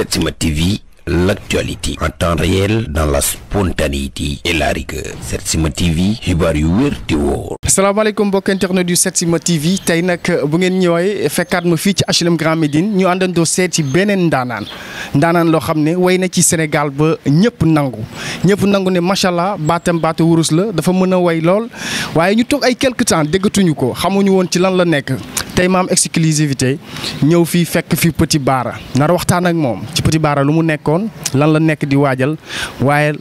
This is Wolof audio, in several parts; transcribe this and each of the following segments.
Setsima TV l'actualité en temps réel dans la spontanéité et la rigueur Setsima TV xibaar yu wér di wóor. asalaamaaleykum mbokk internet si Setsima TV tey nag bu ngeen ñëwee fekkaat ma fii ci HLM Grand Médine ñu àndandoo seet ci beneen ndaanaan ndaanaan loo xam ne woy na ci Sénégal ba ñëpp nangu ñëpp nangu ne macha allah baatam baatu wurus la dafa mën a woy lool waaye ñu toog ay quelque temps déggatuñu ko xamuñu woon ci lan la nekk. tey maam exclusivité ñëw fii fekk fi Petit baara nar waxtaan ak moom ci Petit baara lu mu nekkoon lan la nekk di waajal waaye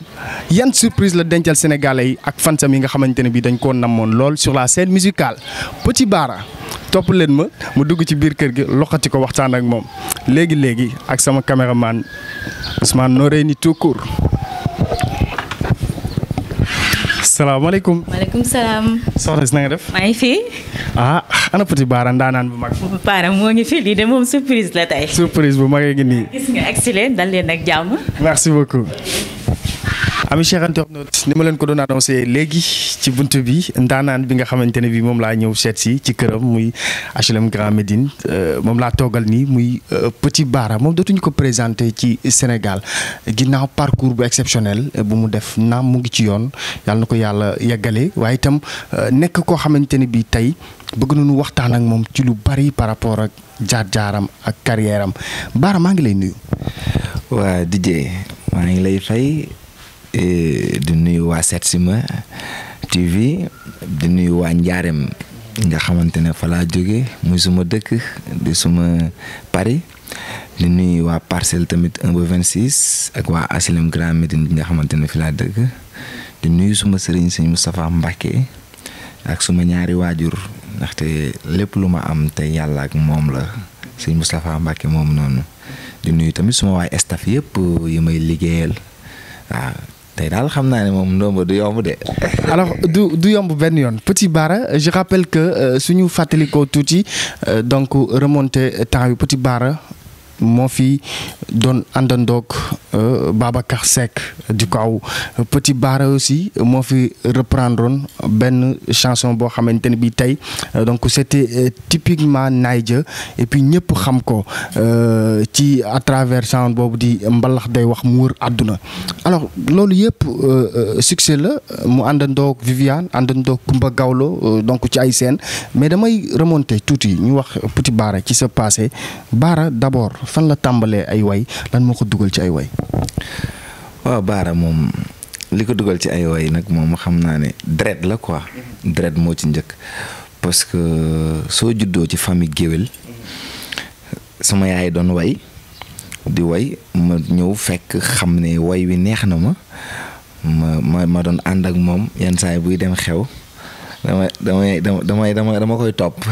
yan surprise la dencal sénégalais yi ak fansam yi nga xamante ne bi dañ koo namoon lool sur la scène musicale Petit baara topp leen ma mu dugg ci biir kër gi loxoti ko waxtaan ak moom léegi léegi ak sama caméraman Ousmane Noreyni tout court. salaamaaleykum. maaleykum salaam. soxna si na def. ana Petit Baara ndaanaan bu mag. bu Baara moo ngi fi lii de moom surprise la tey. surprise bu mag a ngi nii. gis excellent dal leen ak jàmm. merci beaucoup. ami Cheikh internaute ni ma leen ko doon annoncé léegi ci bunt bi ndaanaan bi nga xamante ne bi moom laa ñëw seet si ci këram muy HLM Grand Médine euh, moom laa toogal nii muy euh, Petit baara moom dootuñu ko présenté ci Sénégal ginnaaw parcours bu exceptionnel euh, bu mu def naam mu ngi ci yoon yàlla na ko yàlla yeggale waaye itam nekk koo xamante ne bi tey bëgg nañu waxtaan ak moom ci lu bari par rapport ak jaar-jaaram ak carrière am maa ngi lay nuyu. waa DJ di nuyu waa Setsima TV di nuyu waa Njaareem nga xamante ne fa laa jóge muy suma dëkk di suma Paris di nuy waa Parcelles tamit 1 ba 26 ak waa Asilim Grand Médine bi nga xamante ne fi laa dëkk di nuyu suma sëriñ sëñ Moustapha Mbacké ak suma ñaari waajur ndaxte lépp lu ma am te yàlla ak moom la sëñ Moustapha Mbacké moom noonu di nuyu tamit suma waaye staff yëpp yi may liggéeyal waaw tey daal xam naa ne moom ndomba du yomb de. alors du du yomb benn yoon Petit Bara je rappelle que euh, suñu fàttalikoo tuuti euh, donc remonté temps yu Petit Bara. moo fi doon àndandoog euh, Babacar Seck du kaw Petit Bara aussi moo fi reprendre benn chanson boo xamante ne bi tey euh, donc c'était euh, typiquement Naija et puis ñëpp xam ko ci à travers sound boobu di mbalax day wax mu wër àdduna alors loolu yëpp succès la mu àndandoog Viviane àndandoog Kumba Gawlo donc ci ay scène mais damay remonter tuuti ñu wax Petit Bara ci sa passé Bara d'abord fan la tàmbalee ay way lan moo ko dugal ci ay way. waaw Baara moom li ko dugal ci ay way nag moom xam naa ne deret la quoi. Mm-hmm. deret moo ci njëkk parce que soo juddoo ci famille géwél mm-hmm. sama yaay doon way di way ma ñëw fekk xam ne way wi neex na ma ma ma ma doon ànd ak moom yenn saa yi buy dem xew. damay damay damay damay dama koy topp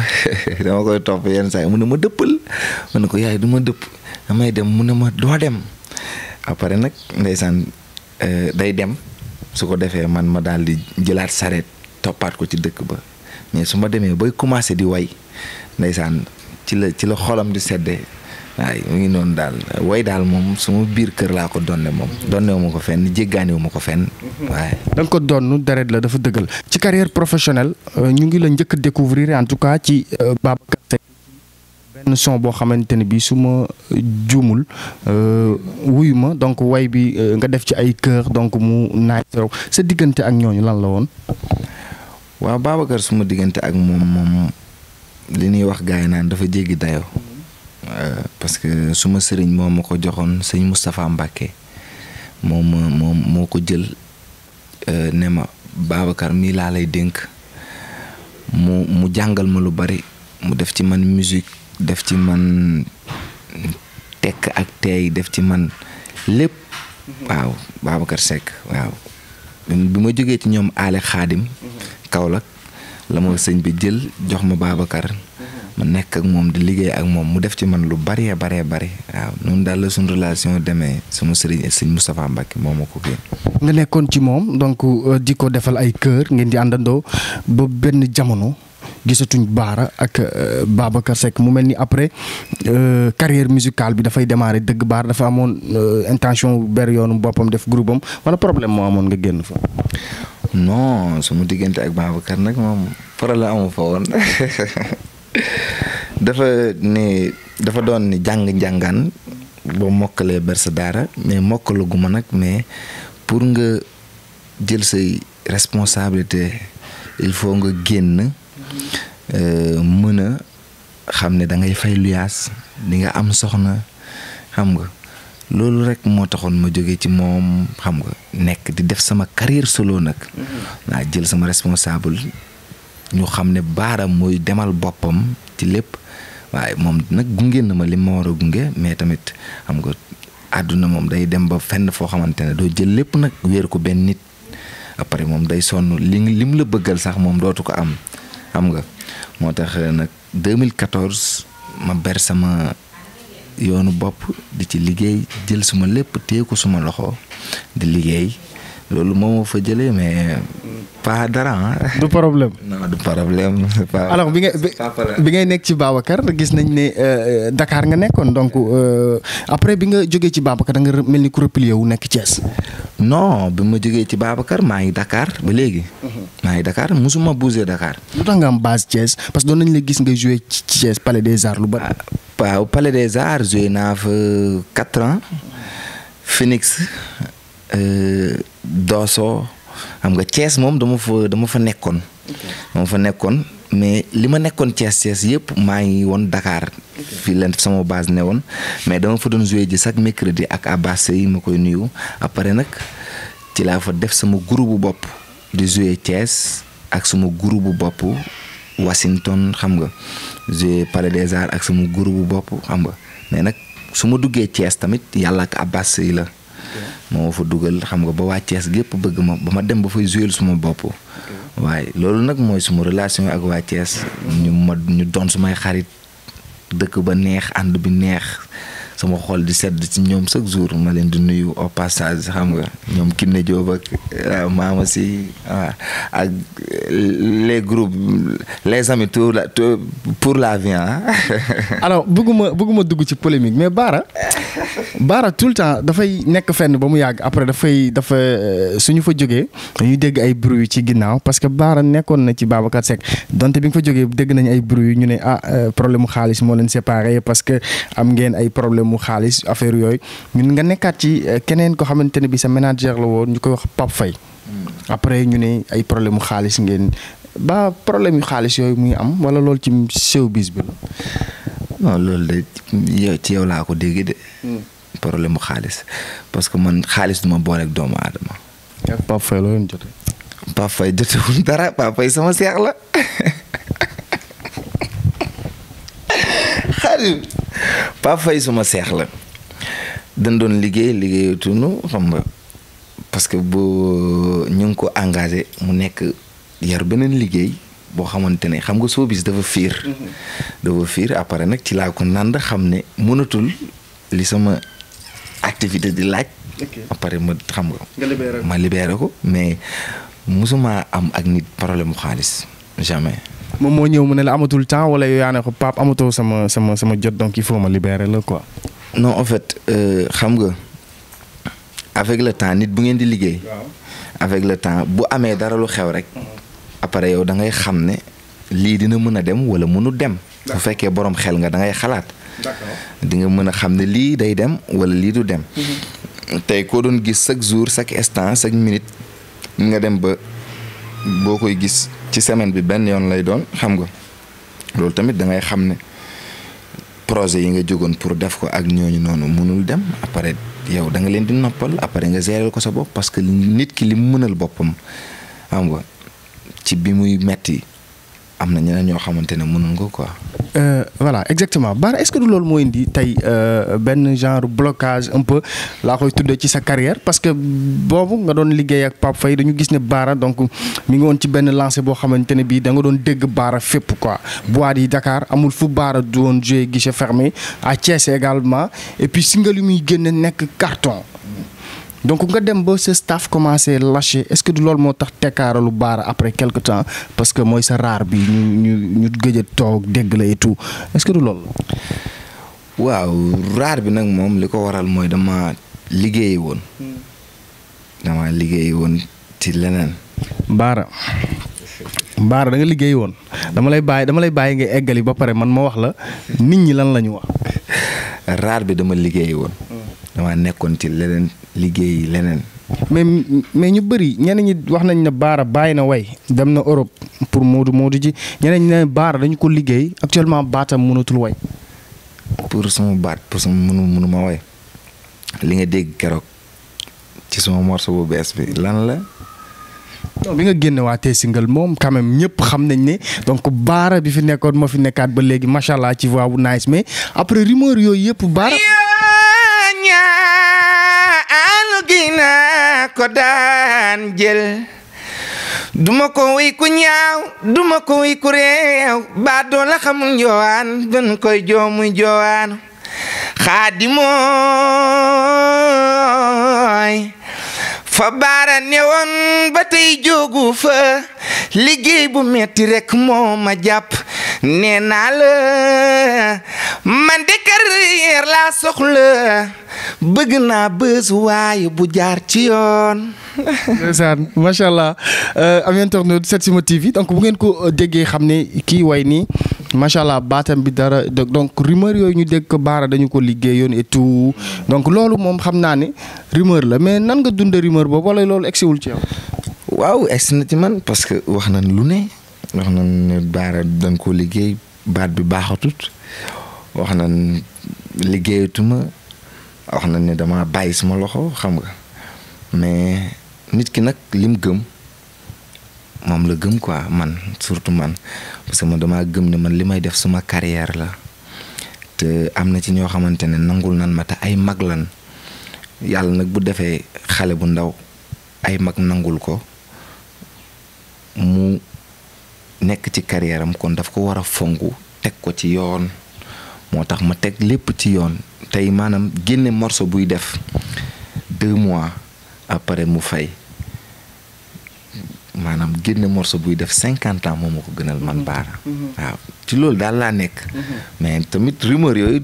dama koy topp yenn saa yi mu ne ma dëppal ma ne ko yaay du ma dëpp damay dem mu ne ma doo dem après nag ndeysaan euh, day dem su ko defee man ma daal di jëlaat sareet toppaat ko ci dëkk ba mais su ma demee bay commencé di way ndeysaan ci la ci la xolam di sedde waaye mu ngi noonu daal way daal moom suma biir kër laa ko donne moom donne wu ko fenn jéggaani wu ma ko fenn mhm. waaye. da ko donn deret la dafa dëggal ci carrière professionnelle euh, ñu ngi la njëkk découvrir en tout cas ci euh, Babacar boo xamante ne bii su ma euh, juumul wuyu ma donc way bi nga def ci ay kër donc mu naaj sa diggante ak ñooñu lan la woon. waaw Babacar suma diggante ak moom moom li ñuy wax gars yi naan dafa jéggi dayoo. Euh, parce que ma sëriñ moom ma ko joxoon sëñ Moustapha Mbacke moom moom moo ko jël euh, ne ma Babacar mii laa lay dénk mu mu jàngal ma lu bari mu def ci man musique def ci man tekk ak teey def ci man lépp waaw baabakar Seck waaw bi ma jógee ci ñoom aale xaadim mhm. Kaolack la moo sëñ bi jël jox ma Babacar ma nekk ak moom di liggéey ak moom mu def ci man lu bëree baree bëri waaw noonu daal la suñu relation demee sama sëriñ sëñ Moustapha Mbacke moom moo ko kii. nga nekkoon ci moom donc euh, di ko defal ay kër ngeen di àndandoo ba benn jamono gisatuñ Baara ak euh, Babacar Seck mu mel ni après euh, carrière musicale bi dafay démarrer dëgg Baara dafa amoon intention ber yoonu boppam def groupe am wala problème moo amoon nga génn fa. non sama diggante ak Babacar nag moom problème dafa ni dafa doon ni jàng jàngan boo mokkalee sa daara mais mokkalugu ma nag mais pour nga jël say responsabilité il faut nga génn euh, mën a xam ne dangay ngay fay luyaas di nga am soxna xam nga loolu rek moo taxoon ma jóge ci moom xam nga nekk di def sama carrière solo nag. Mm-hmm. naa jël sama responsable ñu xam ne baaraam mooy demal boppam ci lépp waaye moom nag gunge na ma li ma war a gunge mais tamit am nga àdduna moom day dem ba fenn foo xamante ne doo jël lépp nag wéer ko benn nit après moom day sonn li lim la bëggal sax moom dootu ko am xam nga moo tax euh, nag 2014 ma ber sama yoonu bopp di ci liggéey jël suma lépp téye ko suma loxo di liggéey loolu moo fa jëlee mais pas dara ah. du problème non bi nga bi ngay nekk ci baaba Babacar gis nañ ne euh, euh, dakaar nga nekkoon donc euh, après bi nga jógee ci Babacar da nga mel ni ku replié wu nekk Thiès. non bi ma jógee ci Babacar maa ngi dakaar ba léegi. Mhm. maa ngi Dakar musuma bougé Dakar. lu tax nga am base Thiès parce que doon nañ gis nga joué ci pale Palais des Arts lu bari. Ah, pale Palais des Arts naa fa quatre ans Phoenix. Dosso xam nga cees moom dama fa dama fa nekkoon. dama fa nekkoon mais li ma nekkoon Thiès Thiès yëpp maa ngi woon dakaar fii leen sama base ne woon mais dama fa doon joué ji chaque mercredi ak Abass yi ma koy nuyu après nag ci laa fa def sama groupe bopp di joué Thiès ak sama groupe bopp Washington xam nga joué Palais des Arts ak sama groupe bopp xam nga mais nag su ma duggee Thiès tamit yàlla ak Abass yi la. moom ma fa dugal xam nga ba waa gépp bëgg ma ba ma dem ba fay jouer suma bopp waaye loolu nag mooy suma relation ak waa Thiès ñu ma ñu doon sumay xarit dëkk ba neex ànd bi neex sama xol di sedd ci ñoom chaque jour ma leen di nuyu au passage xam nga ñoom Kiné Diop ak euh, maama si waaw ak les groupes les amis pour la pour la vie alors bëgguma bëgguma dugg ci polémique mais Baara Baara tout le temps dafay nekk fenn ba mu yàgg après dafay dafa euh, suñu fa jógee ñu dégg ay bruit ci ginnaaw parce que Baara nekkoon na ci Babacar Seck donte bi nga fa jógee dégg nañ ay bruit ñu ne ah euh, problème mu xaalis moo leen séparé parce que am ngeen ay problème problème mu xaalis affaire yooyu ñun nga nekkaat ci euh, keneen ko xamante ne bii sa manager la woon ñu koy wax Pape Faye hmm. après ñu ne ay problème xaalis ngeen ba problème yu xaalis yooyu muy am wala loolu ci showbiz bi la. loolu la yow ci yow laa ko déggee de. Hmm. problème xaalis parce que man xaalis duma boole ak doomu aadama. ak Pape Faye la doon jotee. Pape Faye jotewul dara Pape Faye sama seex la. xaarim Pape Faye suma seex la dañ liggéey liggéeyatunu xam nga parce que bu ñu ngi ko engage mu nekk yar beneen liggéey boo xamante ne xam nga soobis dafa fiir mm-hmm. dafa fiir après nag ci laa ko nànd xam ne mënatul li sama activité di laaj après ma xam nga ma libéré ko mais musuma am ak nit problème mu xaalis moom moo ñëw mu ne la amatul temps wala yow yaa ne ko amatoo sama sama sama jot donc il faut ma libérer la ko non en fait euh, xam nga avec le temps nit bu ngeen di liggéey. avec le temps bu amee dara lu xew rek. Mm-hmm. après yow dangay xam ne lii dina mën a dem wala mënu dem. fekkee borom xel nga da xalaat. di mën a xam ne lii day dem wala lii du dem. Mm-hmm. tey koo doon gis chaque jour chaque instant chaque minute nga dem ba boo koy gis. ci semaine bi benn yoon lay doon xam nga loolu tamit da ngay xam ne projet yi nga jógoon pour def ko ak ñooñu noonu mënul dem après yow danga leen di noppal après nga gérer ko sa bopp parce que nit ki li mu mënal boppam xam nga ci bi muy metti am na ñeneen ñoo xamante ne mënuñ ko quoi. Euh, voilà exactement Bara est-ce que du loolu moo indi tey euh, benn genre blocage un peu laa koy tuddee ci sa carrière parce que boobu nga doon liggéey ak Pape fay dañu gis ne baara donc mi ngi woon ci benn lancé boo xamante ne bii da nga doon dégg Bara fépp quoi boîte di dakaar amul fu baara doon joué guichet fermé à Thiès également et puis single yi muy génne nekk carton. donc nga dem ba sa staff commencé lâcher est-ce que du loolu moo tax tekkaaralu baara après quelque temps parce que mooy sa raar bi ñu ñu ñu gëj a toog dégg la et tout du loolu la. waaw raar bi nag moom li ko waral mooy dama liggéeyi woon. Hmm. dama liggéeyi woon ci leneen. baara. Baara da nga liggéey woon dama lay bàyyi dama lay bàyyi nga eggali ba pare man ma wax la nit ñi lan la ñu wax. raar bi dama liggéey woon. Hmm. damaa nekkoon ci leneen liggéey leneen. mais mais ñu bëri ñeneen ñi wax nañ ne Baara bàyyi na way dem na Europe pour Modou Modou ji ñeneen ñi ne Baara dañu ko liggéey actuellement baatam mënatul way. pour sama baat pour sama mënu mënu ma way li nga dégg keroog ci sama morceau bu bees bi lan la. non bi nga génne waa tey moom quand même ñëpp xam nañ ne donc Baara bi fi nekkoon ma fi nekkaat ba léegi macha allah ci voix bu nice mais après rumeur yooyu yëpp Baara. gina ko daan jël duma ko wey ku ñaaw duma ko wey ku réew ba doo la xamul njoowaan gën koy joomuy joowaanu xaadimooy fa baara newoon ba tey jógu fa liggéey bu metti rek moo ma jàpp nee naa la man de carrière laa soxla bëgg naa bës waaye bu jaar ci yoon. ndeysaan macha allah euh, am internet Setsima TV donc bu ngeen ko euh, déggee xam ne kii way nii macha allah baatam bi dara donc rumeur yooyu ñu dégg ko baara dañu ko liggéeyoon et tout donc loolu moom xam naa ne rumeur la mais nan nga dundee rumeur boobu wala loolu egsiwul ci yow. waaw egsi na ci man parce que wax nañ lu ne wax nañ ne baara dañ koo liggéey baat bi baaxatut wax nañ liggéeyatuma wax na ne dama bàyyi suma loxo xam nga mais nit ki nag lim gëm moom la gëm quoi man surtout man parce que man dama gëm ne man li may def suma carrière la te am na ci ñoo xamante ne nangul nan ma te ay mag lan yàlla nag bu defee xale bu ndaw ay mag nangul ko mu nekk ci carrière kon daf ko war a fongu teg ko ci yoon moo tax ma teg lépp ci yoon tey maanaam génne morso buy def deux mois après mu fay maanaam génne morceau buy def cinquante ans moo ma ko gënal man mhm. baara mhm. waaw ci loolu daal laa nekk. Mhm. mais tamit rumeur yooyu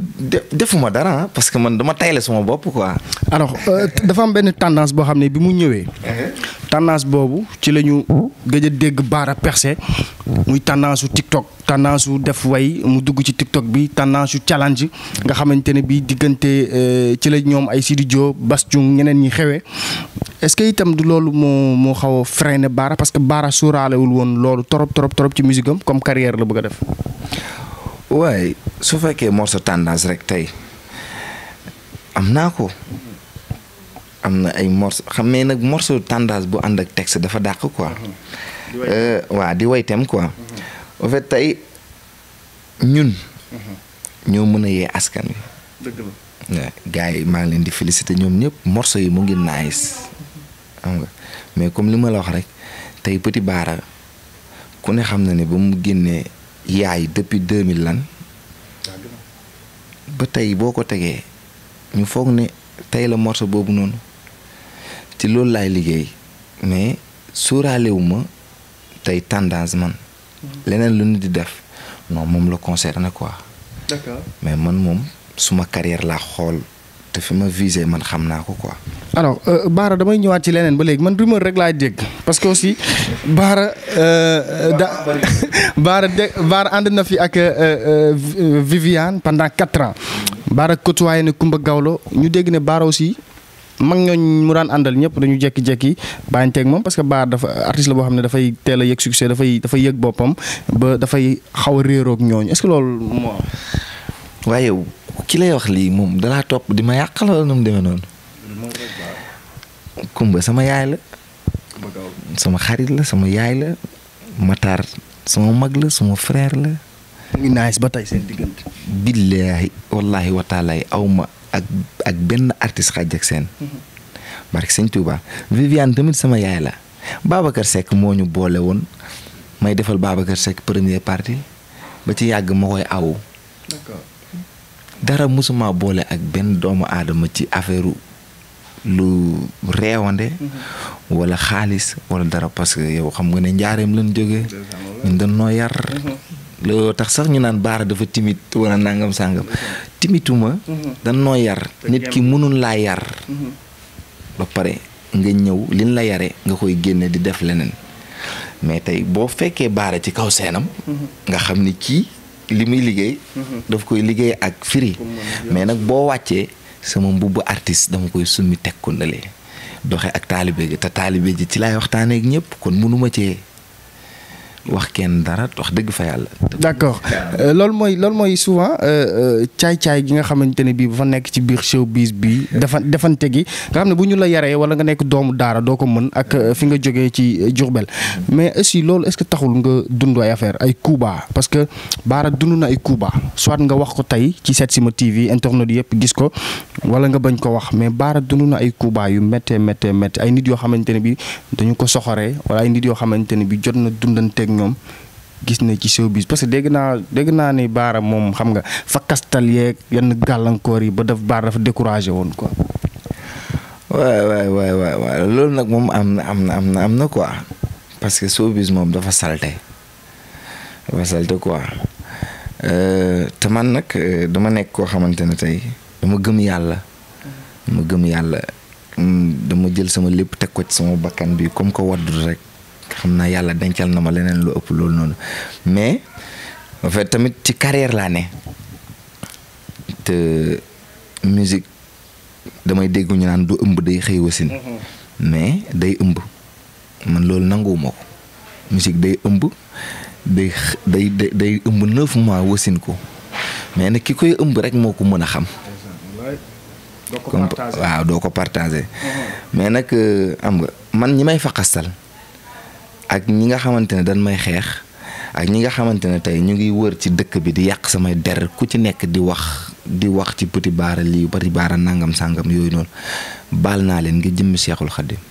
defuma dara ah, parce que man dama tayle sama bopp quoi. alors euh, dafa am benn tendance boo xam ne bi mu ñëwee. Mhm. tendance boobu ci la ñu gëj a dégg baara percé muy tendance su TikTok tendance su def way mu dugg ci TikTok bi tendance su challenge nga xamante ne bii diggante euh, ci la ñoom ay Sidi Diop Bass Thioung ñeneen ñi xewee est-ce que itam du loolu moo moo xaw a freiné baara parce que baara sóoraalewul woon loolu trop torop ci musique am comme carrière la bëgg a def. waaye su fekkee morso tendance rek tey am naa ko am na ay morceau xam ne nag morceau tendance bu ànd ak texte dafa dàq quoi. waa mhm. di waytem euh, quoi. Mhm. en fait tey ñun. Mhm. ñoo mën a yee askan wi. dëgg la maa ngi leen di féliciter ñoom ñëpp morceau yi mu ngi nice xam nga mais comme li ma la wax rek tey Petit Bara ku ne xam na ne ba mu génnee. yaay depuis 2000 lan ba tey boo ko tegee ñu foog ni tey la morceau boobu noonu ci loolu laay liggéey mais suuraalewuma tey tendance man hmm. leneen lu nit di def noo moom la concerné quoi d'accord mais man moom suma carrière laa xool te fi ma visé man xam naa ko quoi alors euh, Baara damay ñëwaat ci leneen ba léegi man rumeur rek laay dégg parce que aussi Baara. Euh, euh, Baara de Baara ànd na fi ak euh, Viviane pendant quatre ans. Baara côtoyé na Kumba gaawlo ñu dégg ne Baara aussi mag ñooñ mu daan àndal ñëpp dañu jékki-jékki bàyyanteeg moom parce que Baara dafa artiste la boo xam ne dafay teel a yëg succès dafay dafay yëg boppam ba dafay xaw a ñooñ ñooñu est-ce que loolu moo waaye ki lay wax lii moom dalaa topp di ma yàq la nu mu demee noonu. Kumba sama yaay la. sama xarit la sama yaay la Matar sama mag la sama freer la. mu ba tey seen diggante. billaahi wallaahi wa taalaay aw ma ak ak benn artiste xaj ak seen. Mm-hmm. barke sëñ Touba Viviane tamit sama yaay la Babacar Seck moo ñu boole woon may defal Babacar Seck première partie ba ci yàgg ma koy awu. dara mosuma boole ak benn doomu aadama ci affaire lu reewande wala xaalis walla dara parce que yow xam nga ne njaareem lañ jógee ñun dañ noo yar loo tax sax ñu naan baara dafa timit wala nangam sàngam timituma dan noo yar nit ki mënul laa yar ba pare nga ñëw liñ la yare nga koy génne di def leneen mais tey boo fekkee baara ci kaw seenam nga xam ni ci li muy liggéey daf koy liggéey ak firi mais nag boo wàccee sama mbubb artiste dama koy summi teg ko ndalee doxe ak taalibe gi te taalibe ji ci laay waxtaanee ak ñëpp kon mënuma cee wax kenn dara wax dëgg fa yàlla. d'accord euh, loolu mooy loolu mooy souvent euh, euh, caay-caay gi nga xamante ne bii ba fa nekk ci biir bis bi dafa defante gi nga xam ne bu ñu la yaree wala nga nekk doomu daara doo ko mën ak fi nga jógee ci Diourbel mais aussi loolu est-ce que taxul nga dund affaire ay Cuba parce que Baara dund na ay Cuba soit nga wax ko tey ci Setsima TV internet yëpp gis ko wala nga bañ ko wax mais Baara dund na ay Cuba yu méttee méttee méttee ay nit yoo xamante ne bii dañu ko soxoree wala ay nit yoo xamante ne bii jot na dundanteeg ñoom gis na ci showbiz parce que dégg naa dégg naa ni Baara moom xam nga fa kastal yeeg yenn gàllankoor yi ba dafa Baara dafa découragé woon quoi. waaw waaw waaw loolu nag moom am na am na am na am na quoi parce que showbiz moom dafa salte dafa salte quoi euh, te man nag euh, dama nekk koo xamante ne tey dama gëm yàlla dama gëm yàlla mm, dama jël sama lépp te ko sama bakkan bi comme ko waddul rek. xam naa yàlla dencal na ma leneen lu ëpp loolu noonu mais en fait tamit ci carrière laa ne te musique damay dégg ñu naan du ëmb day xëy wasin mm-hmm. mais day ëmb man loolu nanguwuma ko musique day ëmb day day day ëmb neuf mois wasin ko mais nag ki koy ëmb rek moo ko mën a xam waaw doo ko partagé mm-hmm. mais nag euh, am nga man ñi may faqastal ak ñi nga xamante ne dañ may xeex ak ñi nga xamante ne tey ñu ngi wër ci dëkk bi di yàq samay der ku ci nekk di wax di wax ci petit baara lii bari baara nangam sàngam yooyu noonu baal naa leen nga jëmmi seexul xaddim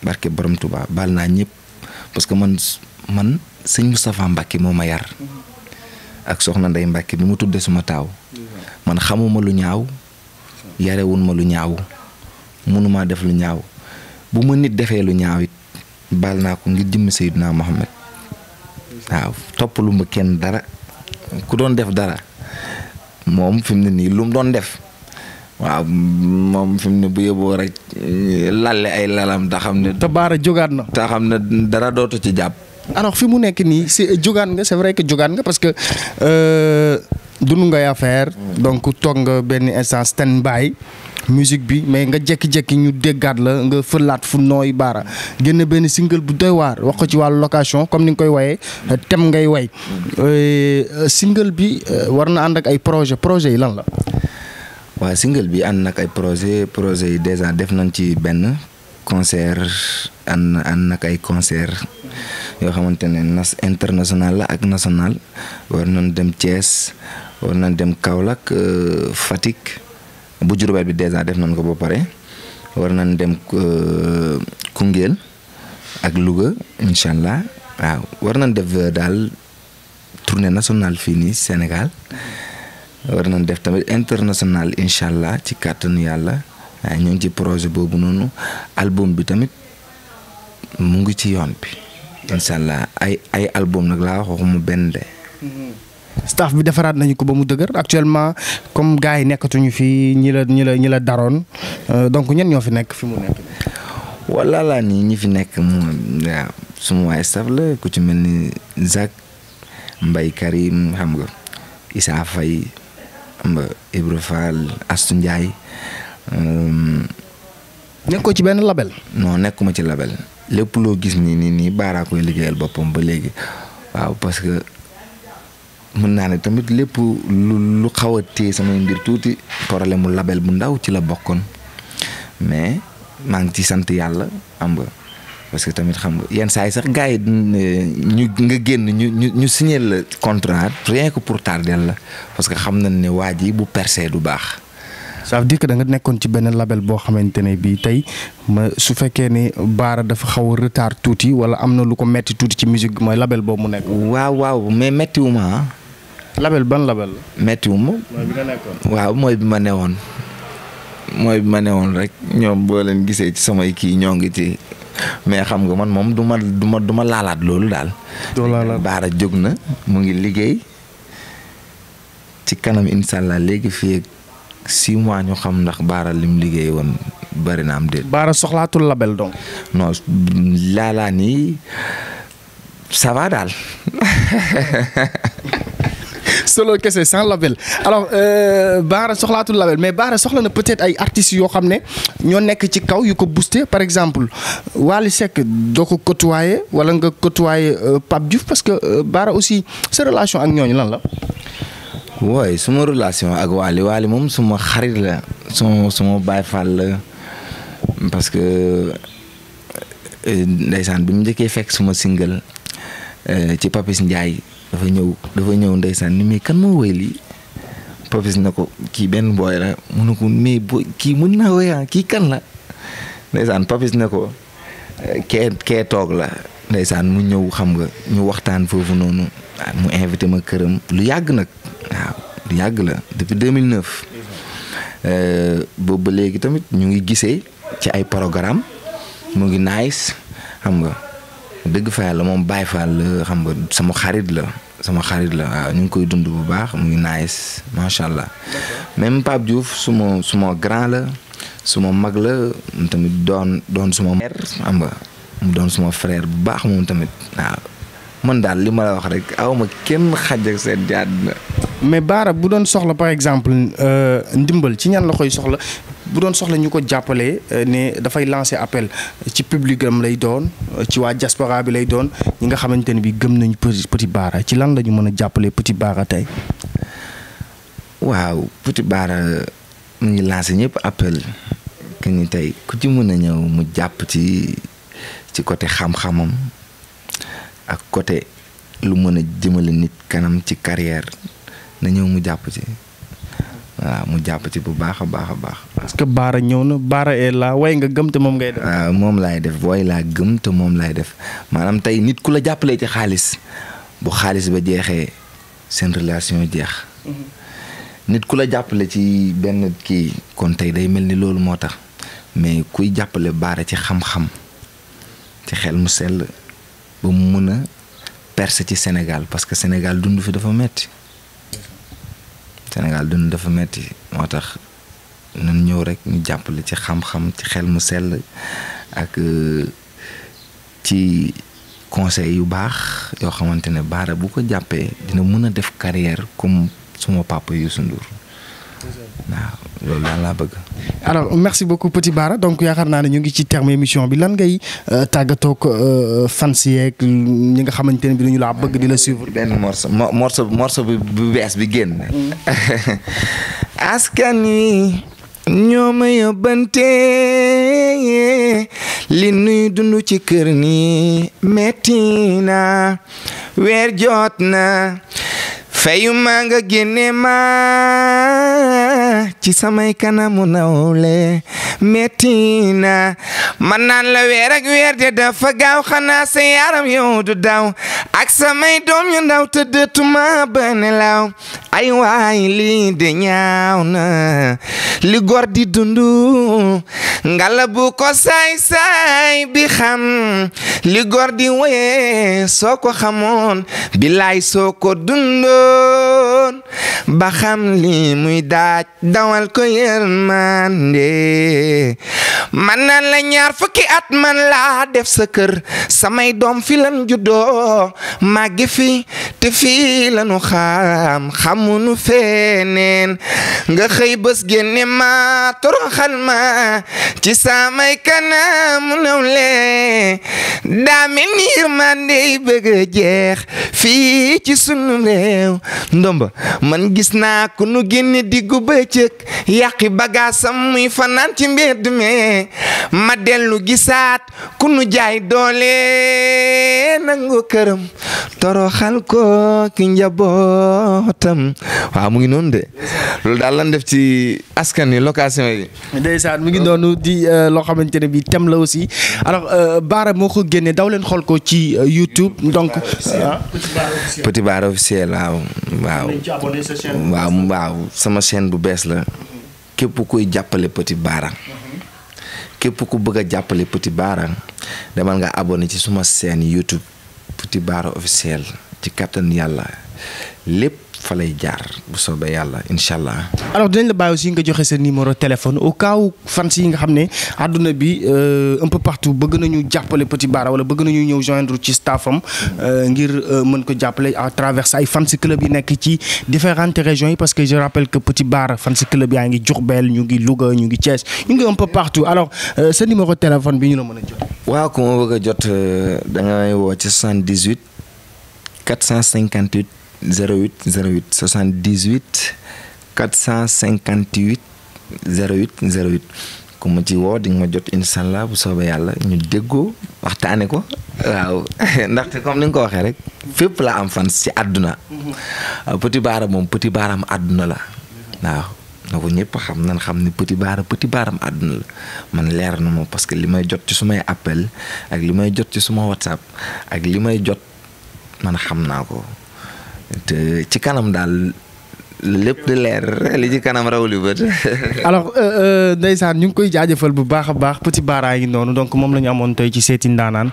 barke borom Tuubaa baal naa ñëpp parce que man man sëñ Moustapha Mbacke moo ma yar ak soxna Ndey Mbacke bi mu tuddee suma taaw man xamuma lu ñaaw yarewun ma lu ñaaw mënumaa def lu ñaaw bu ma nit defee lu ñaaw it baal naa ko ngir jëmm Seydina Mohamed waaw toppalu ma kenn dara ku doon def dara moom fi mu ne nii lu mu doon def waaw moom fi mu ne bu yóbboo rek eh, lalle ay lalam te xam ne. baara jógaat na. te xam ne dara dootu ci jàpp. alors fi mu nekk nii si eh, jogaan nga c'est vrai que jógaan nga parce que euh, dunu nga affaire mm. donc toog nga benn instant stand by musique bi mais nga jekki-jekki ñu déggaat la nga fëlaat fu nooy baara génn benn single bu doy waar wax ko ci wàllu location comme ni nga koy wayee tem ngay way euh, single bi euh, war na ànd ak ay projet projet yi lan la waaw single bi ànd nag ay projet projet yi déjà def nañ ci benn concert ànd ànd nag ay concert yoo xamante ne nas international la ak national war nañ dem Thiès war nañ dem Kaolack euh, Fatick bu Diourbel bi dèjà def nañ ko ba pare war nañ dem euh, Koungheul ak Louga incha allah waaw war nañ def euh, daal tournée nationale fii nii Sénégal war nañ def tamit international incha allah ci kàttanu yàlla waaye ñoo ngi ci projet boobu noonu album bi tamit mu ngi ci yoon bi incha ay ay album nag laa waxuma benn de. Mhm. staff bi defaraat nañu ko ba mu dëgër actuellement comme gars yi nekkatuñu fi ñi la ñi la ñi la daroon euh, donc ñen ñoo fi nekk fi mu nekk. wala laa nii ñi fi nekk moom waaw suma waay la ku ci mel ni Zak Mbay Karim xam nga Issa Faye xam nga Ibra Fall Astou Ndiaye. Euh, nekkoo ci benn label. nekk ma ci label lépp loo gis nii nii nii baaraa koy liggéeyal boppam ba léegi waaw parce que. mën naa ne tamit lépp lu lu xaw a téye samay mbir tuuti problème mu label bu ndaw ci la bokkoon mais maa ngi ci sant yàlla am nga parce que tamit xam nga yenn saa yi sax gars yi ñu nga génn ñu ñu ñu signé la contrat rien que pour tardé la parce que xam nañ ne waa ji bu percé du baax. ça veut dire que da nga nekkoon ci benn label boo xamante ne bii tey ma su fekkee ni baara dafa xaw a retard tuuti wala am na lu ko metti tuuti ci musique bi mooy label boobu mu nekk. waaw waaw mais méttiwuma ah. label ban label la. méttiwul mooy bi ma ne woon mooy bi ma ne woon rek ñoom boo leen gisee ci samay kii ñoo ngi ci mais xam nga man moom du ma ma du laalaat loolu daal. baara jóg na mu ngi liggéey ci kanam incha léegi fii ak six mois ñu xam ndax baara lim liggéey woon bari na am déet. baara soxlaatul label donc. non laalaa nii ça daal. solo kese sans label alors euh, Baara soxlaatul label mais Baara soxla na peut-être ay artistes yoo xam ne ñoo nekk ci kaw yu ko booster par exemple Wally Seck doo ko côtoyer wala nga côtoyer euh, Pape Diouf parce que euh, Baara aussi sa relation ak ñooñu lan la. wooy suma relation ak Wally waali moom suma xarit la suma suma Baay Faal la parce que ndeysaan bi mu njëkkee fekk suma single ci Papis Ndiaye. dafa ñëw dafa ñëw ndeysaan ni mais kan moo woy lii Papis na ko kii benn booy la mun ne ko mais booy kii mën na woy ah, kii kan la ndeysaan Papis na ko kee kee toog la ndeysaan mu ñëw xam nga ñu waxtaan foofu noonu ah, mu invité ma këram lu yàgg nag waaw lu yàgg la depuis 2009 euh, boobu ba léegi tamit ñu ngi gisee ci ay programme mu ngi nice xam nga dëgg fa la moom Baye Fall la xam nga sama xarit la sama xarit la waaw ñu ngi koy dund bu baax mu ngi naay macha allah même Pape Diouf suma suma grand la suma mag la mu tamit doon doon suma frère xam nga mu doon suma frère bu baax moom tamit waaw man daal li ma la wax rek awma kenn xaj ak seen jaad na mais Baara bu doon soxla par exemple euh, ndimbal ci ñan la koy soxla bu doon soxla ñu ko jàppale euh, ne dafay lancer appel ci public am lay doon euh, ci waa diaspora bi lay doon ñi nga xamante ne bi gëm nañu Petit baara ci lan la ñu mën a jàppale Petit Bara tey. waaw Petit baara mu ngi lancer ñëpp appel que tey ku ci mën a ñëw mu jàpp ci ci côté xam-xamam ak côté lu mën a jëmale nit kanam ci carrière na ñëw mu jàpp ci. waaw mu jàpp ci bu baax a baax a baax. parce que Baara ñëw na Baara est là way nga gëm te moom ngay def. waaw ah, moom laay def way laa gëm te moom laay def maanaam tey nit ku la jàppalee ci xaalis bu xaalis ba jeexee seen relation jeex. Mhm. nit ku la jàppale ci benn kii kon tey day mel ni loolu moo tax mais kuy jàppale Baara ci xam-xam ci xel mu sell ba mu mën a perse ci Sénégal parce que Sénégal dund fi dafa metti Sénégal dund dafa metti moo tax nan ñëw rek ñu jàppale ci xam-xam ci xel mu sell ak euh, ci conseil yu baax yoo xamante ne Bara bu ko jàppee dina mën a def carrière comme suma papa Youssou Ndour waaw loolu daal laa bëgg. alors merci beaucoup Petit Bara donc yaakaar naa ne ñu ngi ci terme émission bi lan ngay euh, tàggatook euh, fans yeeg nga xamante ne bi dañu laa bëgg dina la suivre. benn morceau morceau morceau bi bu bees bi génn. Mm. askan wi ñoo li nuy dund ci kër ni metti na weer jot na. feyuma nga génne ma ci samay kanamu nawle metti na man naan la weer ak weer de gaaw xanaa sa yaram yow du daw ak samay doom yu ndaw te dëttuma ba nelaw ay waay lii de ñaaw na li góor di dundu ngala bu ko saay-saay bi xam li góor di woye soo ko xamoon bilaay soo ko dundu woon ba xam li muy daaj dawal ko yërmande man na la ñaar fukki at man laa def sa kër samay doom fi lan juddoo màggi fi te fii lanu xam xamunu feneen nga xëy bés génne ma toroxal ma ci samay kanamu naw le daa mel ni yërmande bëgg a ci sunu réew ndomba man gis naa ku nu génne diggu bëccëg yàqi bagaasam muy fanaan ci mbedd me ma dellu gisaat ku nu jaay doole nangu këram toroxal ko ki njabootam waaw mu ngi noonu de loolu daal lan def ci askan wi location yi. ndeysaan mu ngi doonu di euh, loo xamante ne bi thème la aussi alors euh, Baara moo ko génne daw leen xool ko ci euh, YouTube donc. Petit Baara officiel waaw. waaw sama chaîne bu bees la képp kuy jàppale Petit Baara. Mhm. képp ku bëgg a jàppale Petit Bara demal nga abonné ci suma seen YouTube Petit Bara officiel ci kattan yàlla lépp fa lay jaar bu soobee yàlla incha allah. alors dinañ la bàyyi aussi nga joxe sa numéro téléphone au cas où yi nga xam ne àdduna bi euh, un peu partout bëgg nañu jàppale Petit Bara wala bëgg nañu ñëw joindre ci staffam euh, ngir euh, mën ko jàppale à travers ay fans club yi nekk ci différentes régions yi parce que je rappelle que Petit Bara fans club yaa ngi Diourbel ñu ngi Louga ñu ngi Thiès ñu ngi un peu partout alors sa numéro téléphone bi ñu la mën a jot. waaw ku ma bëgg a jot da ngay woo ci 78 458. 08 08 78 458 08 08 ku ma ci woo di nga ma jot incha bu soobee yàlla ñu déggoo waxtaane ko waaw ndaxte comme ni nga ko waxee rek fépp la am fan ci àdduna mhm. Petit Bara moom Petit Baram àdduna la waaw na ko ñëpp xam nan xam ni Petit Bara Petit Baram àdduna la man leer na moom parce que li may jot ci sumay appel ak li may jot ci suma whatsapp ak li may jot man xam naa ko te ci kanam daal lépp di leer li ci kanam raw li bët. alors euh, euh, ndeysaan ñu ngi koy jaajëfal bu baax a baax petit baara yi noonu donc moom lañu amoon tey ci seeti ndaanaan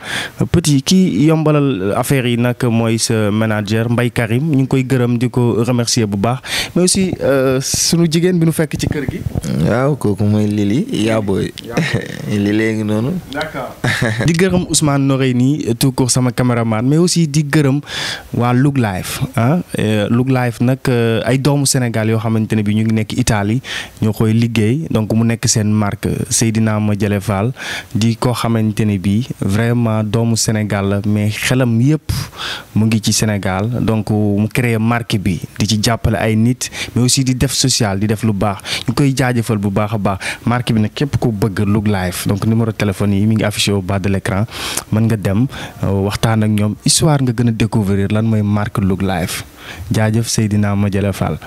petit kii yombalal affaire yi nag mooy sa manager Mbaye Karim ñu ngi koy gërëm di ko remercier bu baax mais aussi euh, sunu jigéen bi nu fekk ci kër gi. waaw kooku mooy Lili yaa booy. Lili léegi noonu. d'accord. di gërëm Ousmane Noreyni tout court sama caméraman mais aussi di gërëm waa Look Live ah eh, Look Live eh, ay doomu Sénégal yoo xamante ne bi ñu ngi nekk itali ñoo koy liggéey donc mu nekk seen naa ma Madiale fal di ko xamante ne bi vraiment doomu Sénégal la mais xelam yëpp mu ngi ci Sénégal donc mu créer marque bi di ci jàppale ay nit mais aussi di def social di def lu baax ñu koy jaajëfal bu baax a baax marque bi nag képp ko bëgg Look Live donc numéro téléphone yi mi ngi affiché bas de l'écran mën nga dem euh, waxtaan ak ñoom histoire nga gën a découvrir lan mooy Mark Look Life jaajëf Seydina Madiala Fall